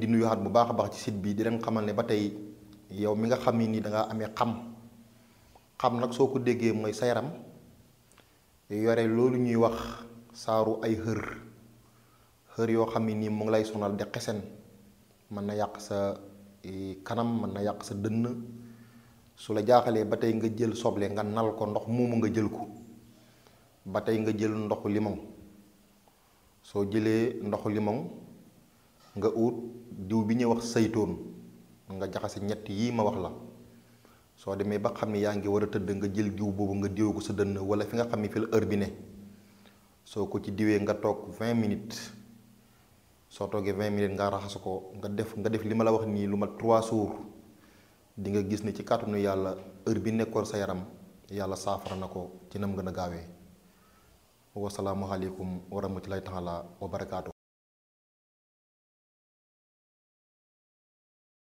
leen di nuyuwaat bu baax a baax ci site bii di leen xamal ne ba tey yow mi nga xam ni nii da ngaa xam xam nag soo ko déggee mooy sa yaram yore loolu ñuy wax saaru ay xër xër yoo xam ne nii mu ngi lay sonal de xesen mën na yàq sa e, kanam mën na yàq sa dënn su la jaaxalee ba tey nga jël soble nga nal ko ndox moomu nga jël ko ba tey nga jël ndoxu limon soo jëlee ndoxu limon nga ut diw bi ñuy wax saytoon nga jaxase ñett yii ma wax la soo demee ba xam ne yaa ngi war a tëdd nga jël diw boobu nga diw ko sa dënn wala fi nga xam ne fi la bi ne soo ko ci diwee nga toog vingt minutes soo toogee vingt minutes nga raxas ko nga def nga def li ma la wax nii lu ma trois jours di nga gis ne ci kàttanu yàlla heure bi nekkoon sa yaram yàlla saafara na ko ci nam gën a gaawee wasalaamualeykum wa rahmatulahi taala wa barakaatu.